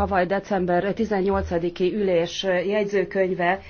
tavaly december 18-i ülés jegyzőkönyve